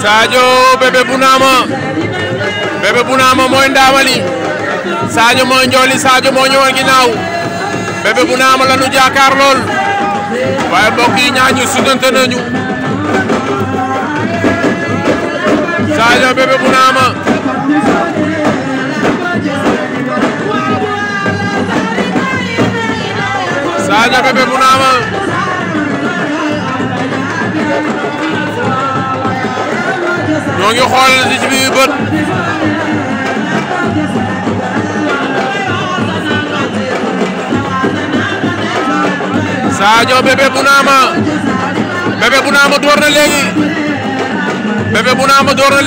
Sadio bébé Bounama bébé Bounama mooy ndaamali Sadio mooy njooli Sadio moo ñëwoon ginnaaw bébé Bounama la nu jaakaar lool yi ñaar ñu sudante nañu Sadio bébé ñoo ngi xool ci ci biir bët Sadio Bébé Bounama Bébé Bounama door na léegi Bébé Bounama door na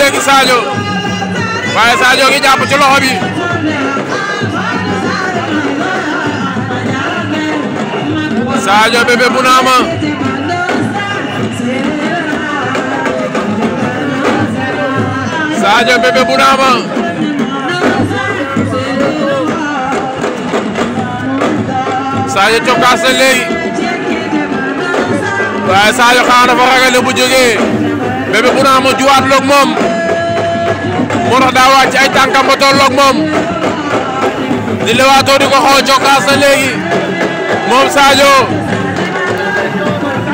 Sadio Bébé bu Ndaama Sadio cokkaas na léegi waaye Sadio xanaa dafa ragal bu jógee Bébé bu Ndaama juwaat loog moom moo tax daa ay tànkam ba toll moom di lewaatoo di cokkaas na léegi moom Sadio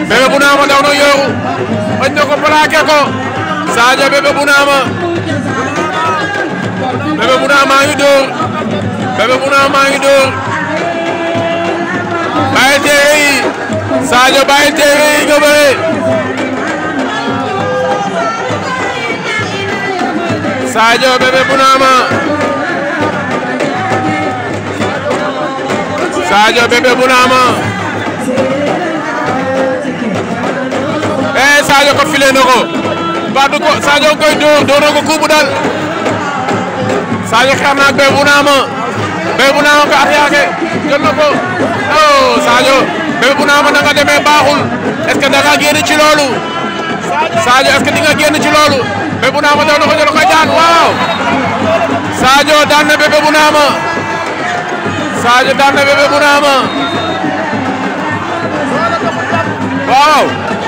Bébé bu Ndaama daw na yooru bañ na ko plaqué ko bu Ndaama dóor Bébé Mouna maa ngi dóor bàyyi téere yi Sadio bàyyi téere yi nga bëre Sadio Bébé Mouna ma Sadio Bébé Mouna ma eh Sadio ko file ko ba ko Sadio koy dóor dóor na ko kuubu dal Sadio xeex na ak Boy Bounama Boy Bounama ko attaqué jël na ko oh Sadio Boy Bounama na nga baaxul est-ce que da nga génn ci loolu Sadio est-ce que di nga génn daan waaw Sadio daan na Boy Bounama Sadio daan na waaw.